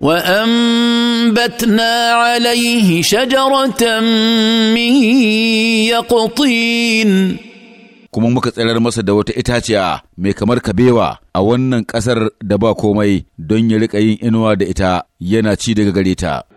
وانبتنا عليه شجره من يقطين kuma muka tsirar masa da wata itaciya mai kamar kabewa a wannan ƙasar da ba komai don ya riƙa yin inuwa da ita yana ci daga gare ta.